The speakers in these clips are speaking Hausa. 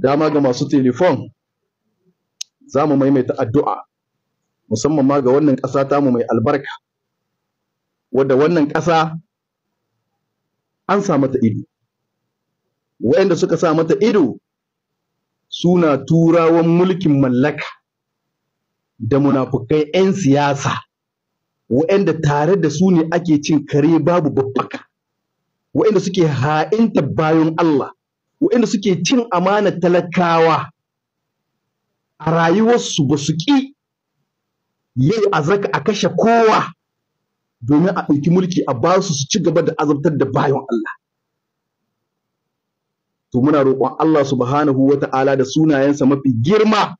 dama ga masu telefon za mu maimaita addu'a musamman ma ga wannan ƙasa mu mai albarka wadda wannan ƙasa an sa mata ido waɗanda suka sa mata ido suna turawan mulkin mallaka da munafukai 'yan siyasa waɗanda tare da su ne ake cin kare babu babbaka waɗanda suke ha'inta bayan Allah waɗanda suke cin amanar talakawa a rayuwarsu ba su ƙi yau a zaka a kashe kowa domin a ɗauki mulki a ba su su ci gaba da azabtar da bayan Allah. To muna roƙon Allah subhanahu wa ta'ala da sunayensa mafi girma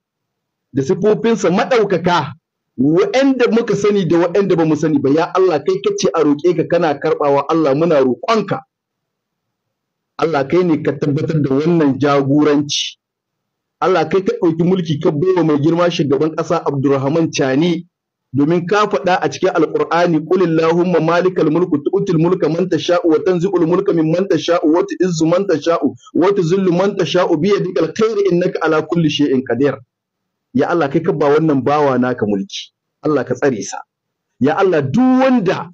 da sifofinsa maɗaukaka wa'anda muka sani da wa'anda ba mu sani ba ya Allah kai kace a roƙe ka kana karɓawa Allah muna roƙonka. Allah kai ne ka tabbatar da wannan jagoranci Allah kai ka ɗauki mulki ka baiwa mai girma shugaban ƙasa Abdulrahman Chani domin ka faɗa a cikin Alƙur'ani qul ma malikal mulku tu'til mulka man tasha'u wa tanzi'ul mulka mimman tasha'u wa tu'izzu man tasha'u wa tuzillu man tasha'u bi yadikal khairu innaka ala kulli shay'in qadir ya Allah kai ka ba wannan bawa naka mulki Allah ka tsare sa ya Allah duk wanda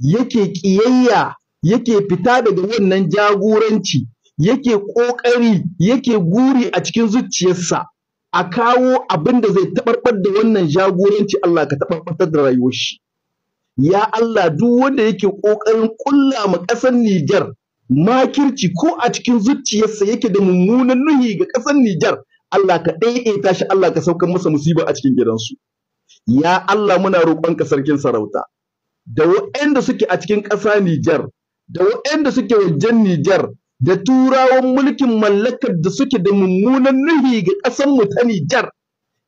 yake ƙiyayya yake fita daga wannan jagoranci yake ƙoƙari yake guri a cikin zuciyarsa a kawo abin da zai tabarbar da wannan jagoranci Allah ka tabarbatar da rayuwar shi ya Allah duk wanda yake ƙoƙarin ƙulla ma ƙasar Nijar makirci ko a cikin zuciyarsa yake da mummunan nuhi ga ƙasar Nijar Allah ka ɗaiɗaita shi Allah ka saukar masa musiba a cikin gidansu ya Allah muna roƙonka sarkin sarauta da waɗanda suke a cikin ƙasa Nijar da waɗanda suke wajen Nijar da turawan mulkin mallakar da suke da mummunan nuhi ga ƙasar mu ta Nijar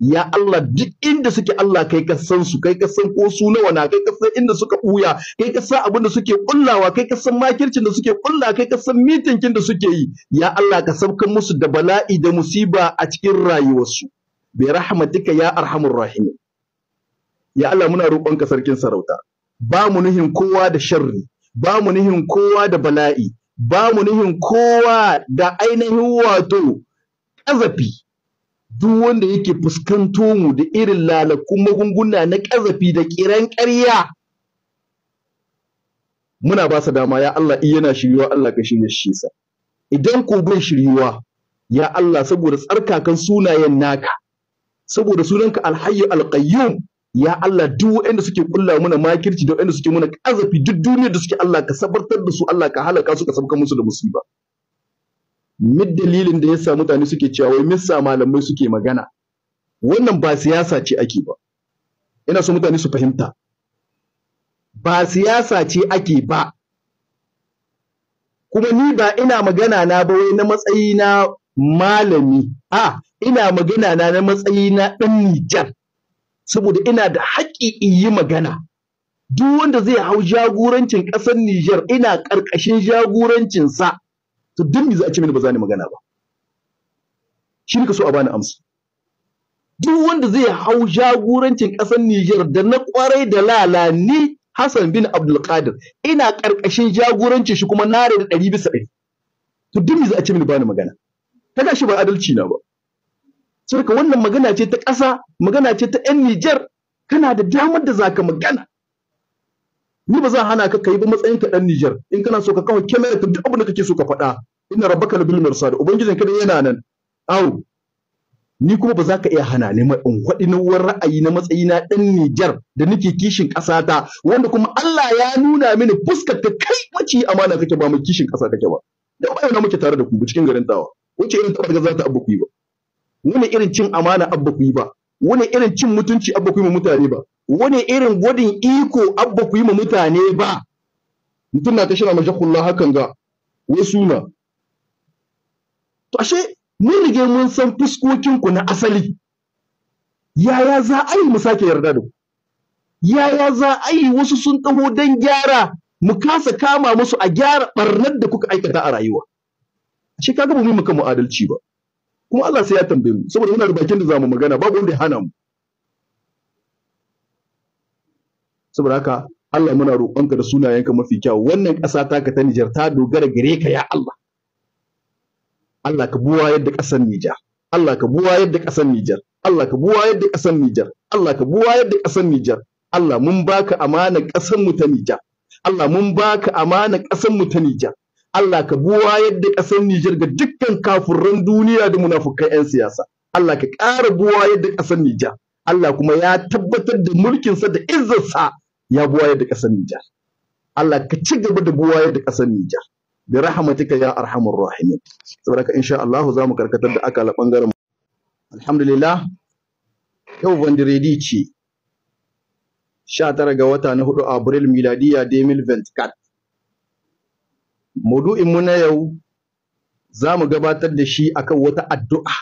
ya Allah duk inda suke Allah kai ka san su kai ka san ko su nawa na kai ka san inda suka buya kai ka san abin da suke kullawa kai ka san makircin da suke kulla kai ka san mitinkin da suke yi ya Allah ka saukan musu da bala'i da musiba a cikin rayuwarsu bi rahmatika ya arhamur rahim ya Allah muna roƙonka sarkin sarauta ba mu nuhin kowa da sharri ba mu nihin kowa da bala'i ba mu nihin kowa da ainihin wato ƙazafi duk wanda yake fuskanto mu da irin lalakun magunguna na ƙazafi da ƙiran ƙarya muna ba su dama ya Allah in yana shiriwa Allah ka shirya shi sa idan ko bai shiryuwa ya Allah saboda tsarkakan sunayen naka saboda sunanka alhayyu alƙayyum ya Allah duk waɗanda suke kulla mana makirci da waɗanda suke mana kazafi duk duniyar da suke Allah ka sabartar da su Allah ka halaka su ka sabka musu da musiba mid dalilin da yasa mutane suke cewa wai missa malamai suke magana wannan ba siyasa ce ake ba ina so mutane su fahimta ba siyasa ce ake ba kuma ni ba ina magana na ba wai na matsayi na malami a ina magana na na matsayi na ɗan Nijar saboda ina da haƙƙi in yi magana duk wanda zai hau jagorancin ƙasar Nijar ina ƙarƙashin jagorancinsa to duk me za a ce mini ba za ni magana ba shi ne so a bani amsa duk wanda zai hau jagorancin ƙasar Nijar da na ƙwarai da lala ni Hassan bin Abdulkadir ina ƙarƙashin jagorancin shi kuma na da ɗari bisa ɗari to duk me za a ce mini ba ni magana ta gashi ba adalci na ba suka wannan magana ce ta ƙasa magana ce ta 'yan Nijar kana da damar da zaka magana ni ba zan hana ka kai ba matsayin ka dan Nijar in kana so ka kawo kamera ka duk abin da kake so ka faɗa inna rabbaka labil mursal ubangijin ka yana nan au ni kuma ba za ka iya hana ni in na nawar ra'ayi na matsayi na dan Nijar da nake kishin ƙasata wanda kuma Allah ya nuna mini fuskar ta kai mace amana kake ba mai kishin ƙasa kake ba da bayan muke tare da ku cikin garin tawa wace irin taɓa ga za ta abu ba wani irin cin amana abba ku yi ba wani irin cin mutunci abba ku yi ma mutane ba wani irin gwadin iko abba ku yi ma mutane ba mutum na ta ma majakullah hakan ga wai suna to ashe mun rige mun san fuskokin ku na asali yaya za a yi mu sake yarda da ku yaya za a yi wasu sun taho don gyara mu kasa kama musu a gyara barnar da kuka aikata a rayuwa ashe kaga ba mu yi muka mu adalci ba kuma Allah sai ya tambaye mu saboda muna da bakin da zamu magana babu wanda ya hana mu saboda haka Allah muna roƙonka da sunayenka mafi kyau wannan ƙasa taka ta Nijar ta dogara gare ka ya Allah Allah ka buwa yadda ƙasar Nijar Allah ka buwa yadda ƙasar Nijar Allah ka buwa yadda ƙasar Nijar Allah ka buwa yadda ƙasar Nijar Allah mun baka amana ƙasar mu ta Nijar Allah mun baka amana ƙasar mu ta Nijar Allah ka buwayar da ƙasar Nijar ga dukkan kafurran duniya da munafukan 'yan siyasa. Allah ka ƙara buwayar da ƙasar Nijar. Allah kuma ya tabbatar da mulkinsa da izzarsa ya buwayar da ƙasar Nijar. Allah ka ci gaba da buwayar da ƙasar Nijar. Bi rahmatika ya arhamar rahimin. Saboda ka insha Allah za mu karkatar da akala ɓangaren. Alhamdulillah. Yau rediyo ce. Sha tara ga wata na hudu Abril miladiya 2024. Maudu'in mu na yau za mu gabatar da shi akan wata addu'a,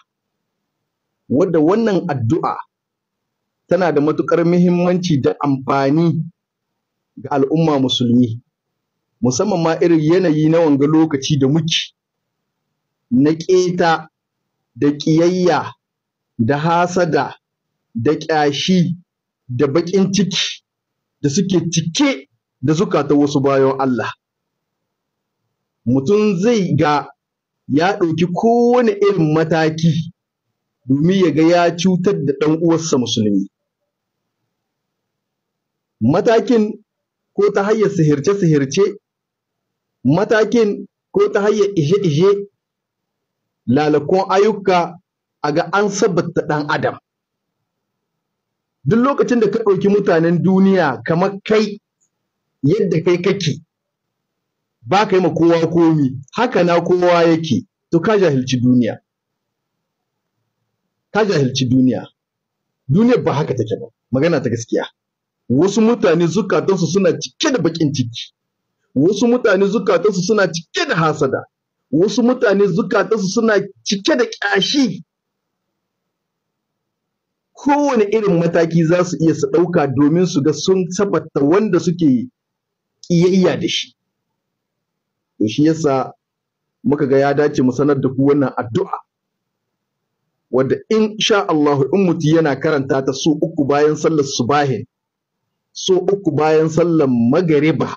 wadda wannan addu'a tana da matuƙar muhimmanci da amfani ga al'umma musulmi, musamman ma irin yanayi na wanga lokaci da muke na ƙeta da ƙiyayya da hasada da ƙyashi da baƙin ciki da suke cike da zukata wasu bayan Allah. mutum zai ga ya ɗauki kowane irin mataki domin ya ga ya cutar da ɗan uwarsa musulmi. Matakin ko ta hanyar sihirce-sihirce, matakin ko ta hanyar ishe-ishe, lalakon ayyuka a ga an sabbata ɗan adam. Duk lokacin da ka ɗauki mutanen duniya kamar kai yadda kai kake, ba ka yi ma kowa komi haka na kowa yake to ka jahilci duniya ka jahilci duniya duniyar ba haka take ba magana ta gaskiya wasu mutane zukatansu suna cike da bakin ciki wasu mutane zukatansu suna cike da hasada wasu mutane zukatansu suna cike da ƙyashi kowane irin mataki za su iya su ɗauka domin su ga sun sabata wanda suke ƙiyayya da shi to shi yasa muka ga ya dace mu sanar da ku wannan addu'a Wanda in sha Allah in mutum yana karanta ta so uku bayan sallar subahi so uku bayan sallar magariba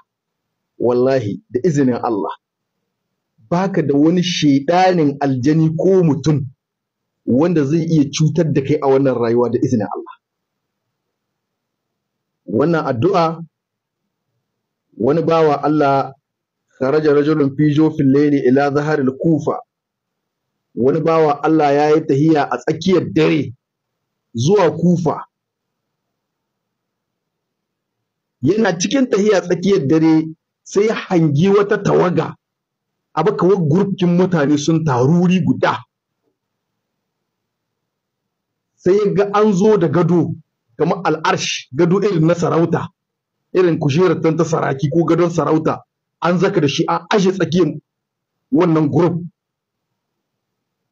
wallahi da izinin Allah baka da wani shaidanin aljani ko mutum wanda zai iya cutar da kai a wannan rayuwa da izinin Allah wannan addu'a wani bawa Allah kharaja rajulun fi jofin layli ila zaharil kufa wani bawa Allah ya yi tahiya a tsakiyar dare zuwa kufa yana cikin tahiya tsakiyar dare sai ya hangi wata tawaga abu kawai gurfin mutane sun taruri guda sai ya ga an zo da gado kamar al'arsh gado irin na sarauta irin kujerar ta saraki ko gadon sarauta an zaka da shi a aje tsakiyar wannan group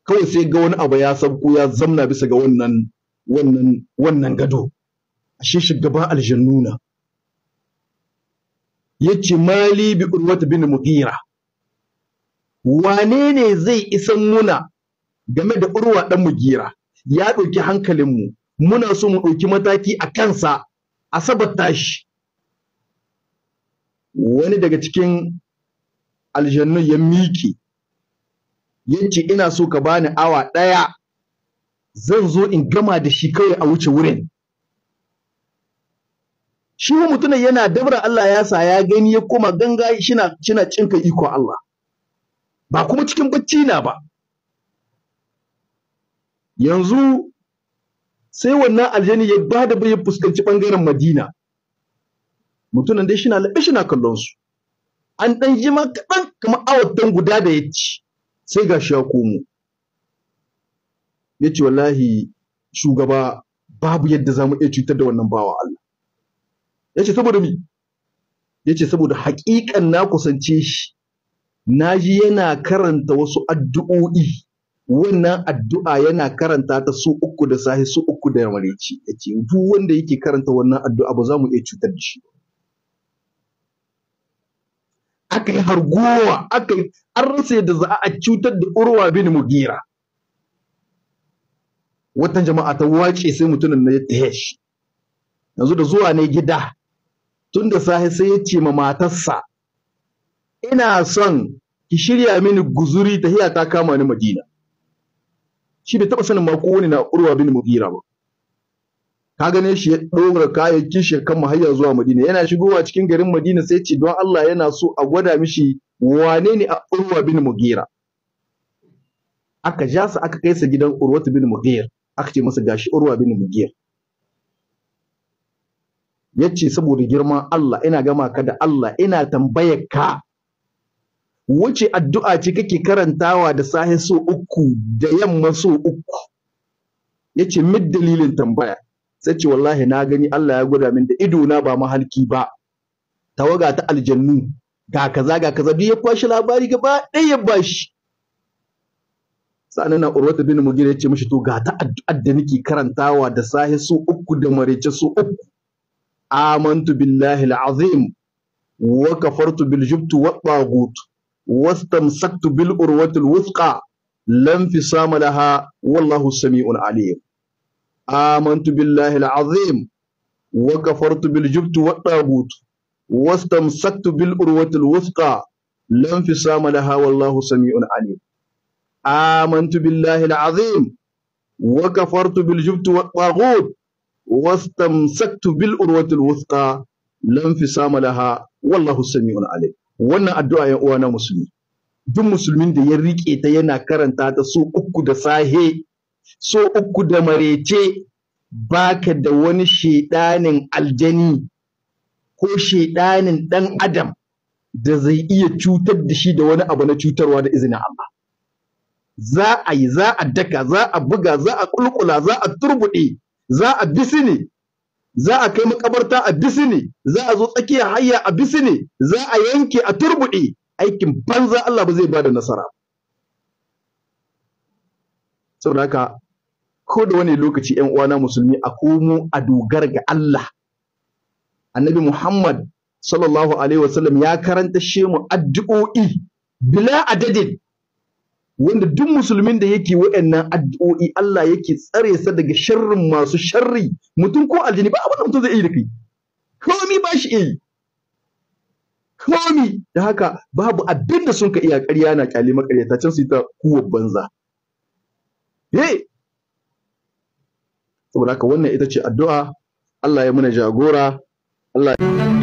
kawai sai ga wani abu ya sabko ya zamna bisa ga wannan wannan wannan gado ashe shugaban aljannuna yace mali bi urwata bin mughira wane ne zai isan muna game da urwa dan mughira ya ɗauki hankalinmu muna so mu ɗauki mataki a kansa a sabata shi wani daga cikin aljannu ya miki yace ina so ka bani awa ɗaya zan zo in gama da shi kawai a wuce wurin shi mutumin yana dabra Allah ya sa ya gani ya koma ganga shina cin cinka iko Allah ba kuma cikin bacci na ba yanzu sai wannan aljani ya bada bai fuskanci bangaren Madina mutumin dai shina laɓe shina kallon su an ɗan ma kaɗan kamar awatan guda da ya ci sai ga shi ya komo ya ce wallahi shugaba babu yadda za mu iya cutar da wannan bawa Allah ya ce saboda mi ya ce saboda haƙiƙan na kusance shi na ji yana karanta wasu addu'o'i wannan addu'a yana karanta ta su uku da sahi su uku da yamarici ya ce duk wanda yake karanta wannan addu'a ba za mu iya cutar da shi ba aka yi hargowa aka yi an rasa yadda za a cutar da urwa bin mugira watan jama'a ta wace sai mutumin na ya tahe shi yanzu da zuwa ne gida tunda da sai ya ce ma matarsa ina son ki shirya mini guzuri tahiya ta kama ni madina shi bai taba sanin ma ko wani na urwa bin mugira ba ka gane shi ya ɗora kayayyakin shi kan mahayya zuwa Madina yana shigowa cikin garin Madina sai ce don Allah yana so a gwada mishi wane ne a Urwa bin Mughira aka ja su aka kai su gidan Urwa bin Mughira aka ce masa gashi Urwa bin Mughira yace saboda girman Allah ina gama ka da Allah ina tambayar ka wuce addu'a ce kake karantawa da sahe so uku da yamma so uku yace mid dalilin tambaya sai ce wallahi na gani Allah ya gwada min da ido na ba mahalki ba tawaga ta aljannu ga kaza ga kaza duk ya kwashi labari gaba ɗaya ya bashi sa'annan na urwata bin ya ce mishi to ga ta addu'ar da nake karantawa da sahi su uku da marece su uku amantu billahi alazim wa kafartu bil jubtu wa tagut wastamsaktu bil urwatil wuthqa lam fisama laha wallahu sami'un alim amantu billahi alazim wa kafartu bil jubtu wa tagut wastamsaktu bil urwati alwusqa lam sama laha wallahu sami'un alim amantu billahi alazim wa kafartu bil jubtu wa tagut wastamsaktu bil urwati alwusqa lam sama laha wallahu sami'un alim wannan addu'a ya uwa na musulmi duk musulmin da ya rike ta yana karanta ta so uku da sahe so uku da marece baka da wani shaiɗanin aljani ko shaiɗanin ɗan adam da zai iya cutar da shi da wani abu na cutarwa da izinin Allah za a yi za a daka za a buga za a kulkula za a turbuɗe za a ne, za a kai makabarta a ne, za a zo tsakiyar hayya a ne, za a yanke a turbuɗe aikin banza Allah ba zai ba da nasara ba saboda haka ko da wani lokaci ƴan uwana musulmi a komo a dogara ga Allah annabi Muhammad sallallahu alaihi wasallam ya karanta shemu addu'o'i bila adadin wanda duk musulmin da yake wayannan addu'o'i Allah yake tsare sa daga sharrin masu sharri mutum ko aljini ba abin mutum zai yi da kai komi ba shi yi komi da haka babu abin da sun ka iya ƙarya na kyale makaryata can su yi ta kuwa banza saboda haka wannan ita ce addu'a Allah ya muna jagora Allah ya